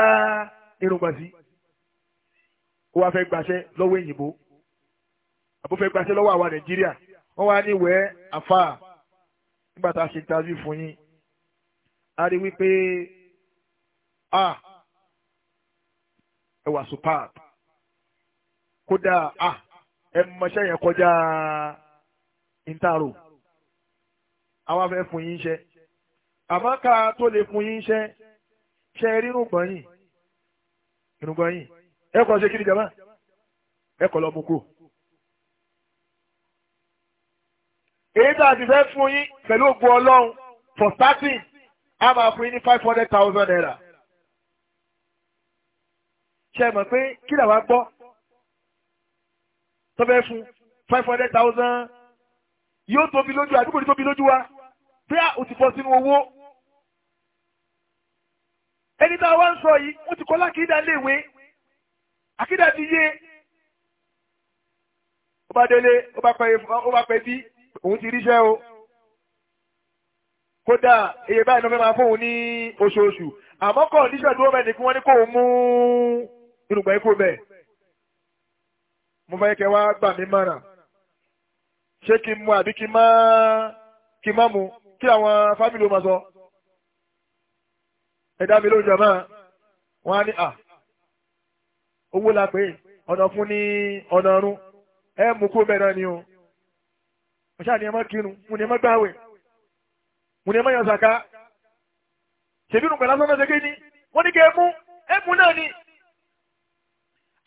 irun gbọ̀n sí ó wá fẹ́ gbàṣẹ lọ́wọ́ èyìnbó. àbúfẹ́ gbaṣẹ́ lọ́wọ́ àwa awa wọ́n wá ní ìwẹ́ àfa a interview fún yín a rí wípé a ẹ wà superb kódà a ẹ mọṣẹ́ yẹn kọjá intaro àwa fẹ́ fún yín iṣẹ́ tó lè fún yín ṣe rírun èyí tó àti fẹ́ fún yín pẹ̀lú ògbó ọlọ́run for starting a máa fún yín ní five hundred thousand naira. ṣe mọ̀ pé kí làwa gbọ́ tó fẹ́ fún five hundred thousand yóò tóbi lójú àdúgbò ní tóbi lójú wa bí a ò ti bọ́ sínú owó. ẹni tá a wá ń sọ yìí wọ́n ti kọ́ lákìdá léèwé àkìdá ti yé ó bá délé ó bá pẹ́ bí òun ti ríṣẹ́ o kódà èyí báyìí ló fẹ́ máa fóun ní oṣooṣù àmọ́ kọ̀ǹdíṣọ̀ tó bẹ́ẹ̀ ni kí wọ́n ní kóun mú irùngbọ̀n ikú bẹ́ẹ̀ mo fẹ́ kẹ́ wá gbà mí mọ̀ràn ṣé kí n mu àbí kí n má kí n má mu kí àwọn fámìlì ó máa sọ ẹ̀dá mi ló ń jọmọ́ á ní à owó la pè é ọ̀nà fún ní ọ̀nà ọ̀run ẹ̀ mú kú bẹ́ẹ̀ náà ni o mo ni ní ẹ má kírun mo ní ẹ má gbààwẹ̀ mo ní ẹ má yan sàká ṣèbí nùgbà lásán náà ṣẹ́gẹ́ ni wọ́n ní kẹ́ ẹ mú ẹ mú náà ni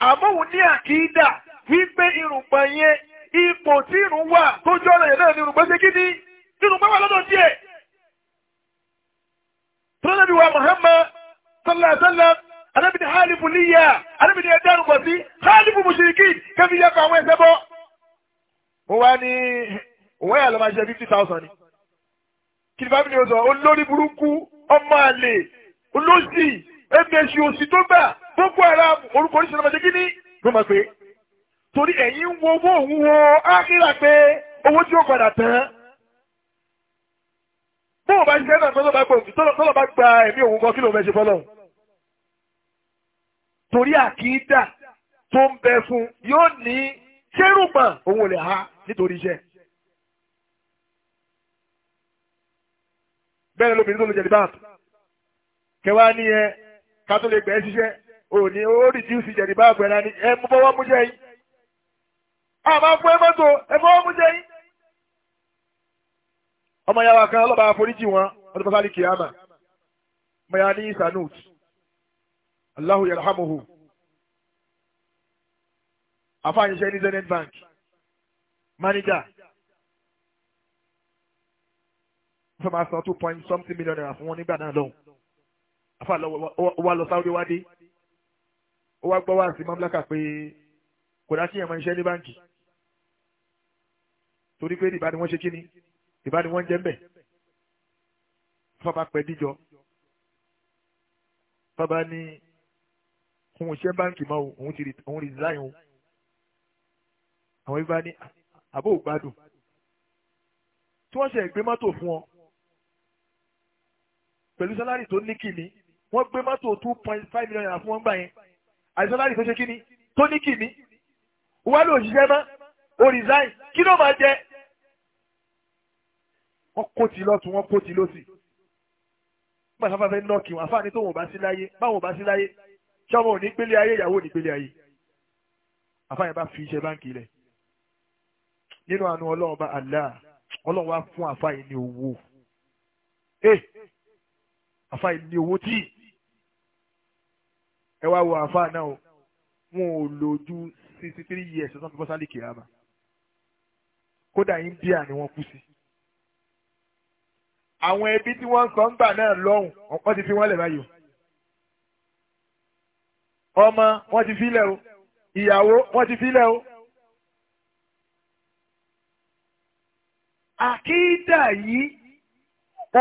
àmọ́ òun ní àkídà wípé irùngbà yẹn ipò tí irun wà tó jọ́ ọ̀rọ̀ yẹn náà ni irùngbà ṣe kí ni irùngbà wà lọ́dọ̀ díẹ̀ tọ́lẹ́bí wa Muhammad sallasala anabi ni halifu niya anabi ni ẹja arúgbọ sí halifu mushrikin kẹfì yẹ kọ àwọn ẹsẹ bọ. mo wá ní òun ẹ̀yà ló máa ṣe fifty thousand ni kí ni fámìlì yóò sọ olórí burúkú ọmọ àlè olóṣì ẹgbẹ̀ṣì òsì tó gbà boko haram orúkọ oríṣiríṣi ọmọdé kí ni ló máa pè é torí ẹ̀yin wo owó òun wo ákìlà pé owó tí ó padà tán bó o bá ṣiṣẹ́ náà tọ́lọ́ bá gbòǹkì tọ́lọ́ bá gba ẹ̀mí òun kan kí ló fẹ́ fọ́lọ́ torí àkídà tó ń bẹ fún yóò ní ṣérùgbọ̀n òun ò lè ha nítorí iṣẹ́. bẹ́ẹ̀ lóbìnrin tó lè jẹ̀dí báàbù kẹwàá ní ẹ ká ihe ṣiṣẹ́ òní ó rìdíùsì jẹ̀dí báàbù ẹ̀ náà ẹ mú fọwọ́ mú jẹ́ yín àmọ́ fún ẹ mọ́tò ẹ fọwọ́ mú jẹ́ yín. ọmọ ya wa kan ọlọ́ba àforíjì wọn ọdún ọmọ ya ní sanut ní Zenith Bank manager tó máa san two point something million naira fún wọn nígbà náà lọ́hùn afa lọ wa lọ sáwọ́dé wá dé ó wá gbọ́ wá sí mamlaka pé kò dá sí ẹ̀mọ iṣẹ́ ní báǹkì torí pé ìbá ni wọ́n ṣe kí ni ìbá ni wọ́n jẹ́ ń bẹ̀ fọba pẹ́ díjọ fọba ní òun ṣe báǹkì mọ́ òun ti òun resign o àwọn ibà ní àbó ògbádùn tí wọ́n ṣe ìgbé mọ́tò fún ọ pẹ̀lú sálárì tó ní kìíní wọ́n gbé mọ́tò two point five million naira fún wọn gbà yẹn àti sálárì tó ṣe kìíní tó ní kìíní wọ́n lò ṣiṣẹ́ mọ́ o resign kí ló máa jẹ wọ́n kó ti lọ́tún wọ́n kó ti lọ́sì nígbà tí wọ́n fẹ́ nọ́ọ̀kì wọn àfáàní tó wọn bá sí láyé báwọn bá sí láyé ṣé ọmọ ò gbélé ayé ìyàwó ò gbélé ayé àfáàní bá fi iṣẹ́ báńkì lẹ̀ nínú àánú ọlọ́run bá àlá ọlọ́run wá fún àfáàní ní owó. Eh! àfa ìní owó tí ẹ wá wo àfa náà o wọn ò lò ju sixty three years tó tán fi bọ́ sálì kìláàmà kódà India ni wọ́n kú sí àwọn ẹbí tí wọ́n ń sọ ń gbà náà lọ́hùn wọ́n ti fi wọ́n lẹ̀ báyìí o ọmọ wọn ti filẹ o ìyàwó wọn ti filẹ o. àkídà yìí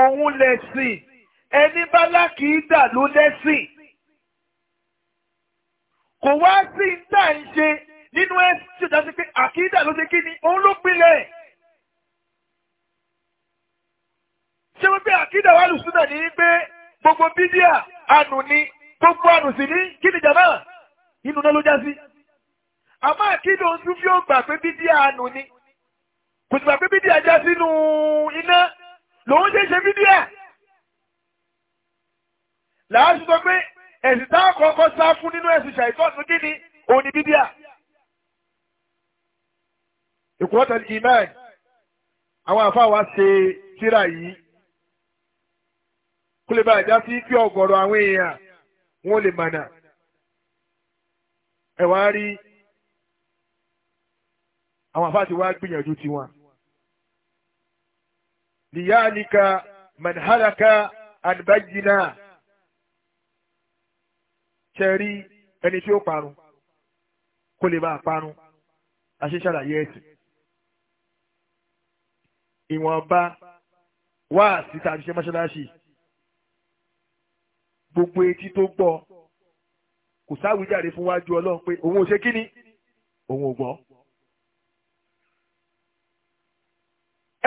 òun lẹ̀sìn ẹni bá lákìídà ló lẹ́sìn kò wá sí ìdá ń ṣe nínú ẹ̀sìn tí ó dá pé àkìídà ló ṣe kí ni òun ló pilẹ̀. ṣé wọ́n pé àkídà wà lùsúnà ní pé gbogbo bídíà ànù ni gbogbo ànù sì ní kí ni jàmá inú náà ló já sí. àmọ́ àkídà ohun tún fi ó gbà pé bídíà ànù ni kò sì gbà pé bídíà já sínú iná lòun ṣe ṣe bídíà láàájú sọ pé ẹ̀sìn tá a kọ́kọ́ sá fún nínú ẹ̀sìn ṣàìtọ́nù kí ni òní bíbíà. ìkúrọ́tà ní imán àwọn àfa wa ṣe tírà yìí kó lè bá àjá sí kí ọ̀gọ̀rọ̀ àwọn èèyàn wọn lè mànà. ẹ wá rí àwọn àfa ti wá gbìyànjú tiwọn. ليالك من هلك ṣe rí ẹni tí ó parun kó lè máa parun àṣeṣàlàyé ẹ̀sìn ìwọ̀nba wá síta àṣìṣe mọ́ṣáláṣí gbogbo etí tó gbọ́ kò sáwìjáde fún wájú ọlọ́run pé òun ò ṣe kíni òun ò gbọ́.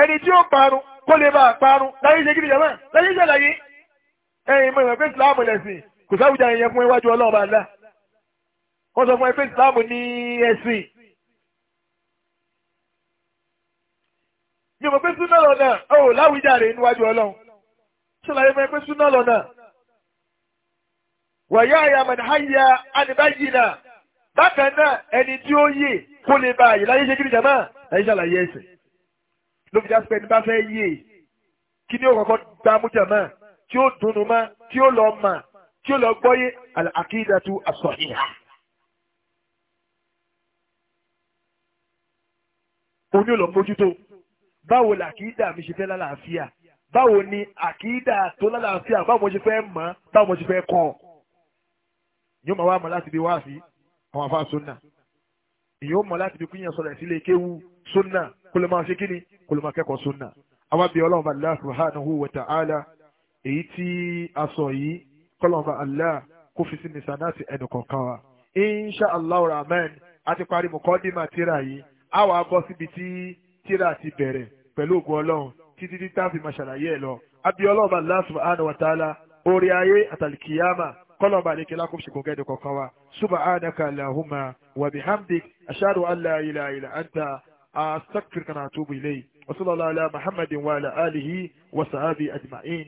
ẹni tí ó parun kó lè máa parun láyé ṣe kíni jàmá láyé ṣàlàyé ẹ̀yin mọ̀ ìwọ̀n ìsìlámù lẹ̀sìn kò sáwùjá yẹn fún iwájú ọlọ́run bá ńlá wọ́n sọ fún ẹ pé ìsìláàmù ní ẹ̀sìn. mi ò mọ̀ pé súnà lọ́nà ò láwùjá rẹ̀ níwájú ọlọ́run ṣọláyé fún ẹ pé súnà lọ́nà. wàyà àyàmọ̀nà àyà ànìbáyìí náà bákan náà ẹni tí ó yè kó lè bá àyè láyé ṣe kí ni jàmá láyé ṣàlàyé ẹsẹ̀ ló fi jáde pé bá fẹ́ yè kí ni ó kọ́kọ́ gbámú jàmá tí ó dùnnú mọ́ tí ó lọ mà tí ó lọ gbọ́yé àkídàtú àsọ̀hìhà. oní ò lọ mójútó báwo làkídà mi ṣe fẹ́ lálàáfíà báwo ni àkídà tó lálàáfíà báwo mo ṣe fẹ́ mọ̀ báwo mo ṣe fẹ́ kọ́ ọ. yóò máa wá mọ̀ láti bí wá sí àwọn afá sunna ìyóò mọ̀ láti bí kúnyàn sọ̀rọ̀ ìsílẹ̀ kéwu sunna kó lè máa ṣe kíni kó lè máa kẹ́kọ̀ọ́ sunna. àwa bí ọlọ́run bá Allah subhanahu wa ta'ala èyí tí a sọ yìí kọ́lọ́mọba allah kó fi sí nisanasi ẹnu kọ̀ọ̀kan wa insha allah rahman a ti parí mọ̀kọ́dìmà tíra yìí a wàá bọ́ síbi tí tíra ti bẹ̀rẹ̀ pẹ̀lú ògùn ọlọ́run títí tí táàfin máa ṣàlàyé ẹ̀ lọ àbí ọlọ́ọ̀bà allah subhanahu wa ta'ala orí ayé àtàlìkìyàmà kọ́lọ́mọba àlekè lákòó ṣe kòkẹ́ ẹnu wa subhanaka allahumma wa الله محمد وعلى وصحبه أجمعين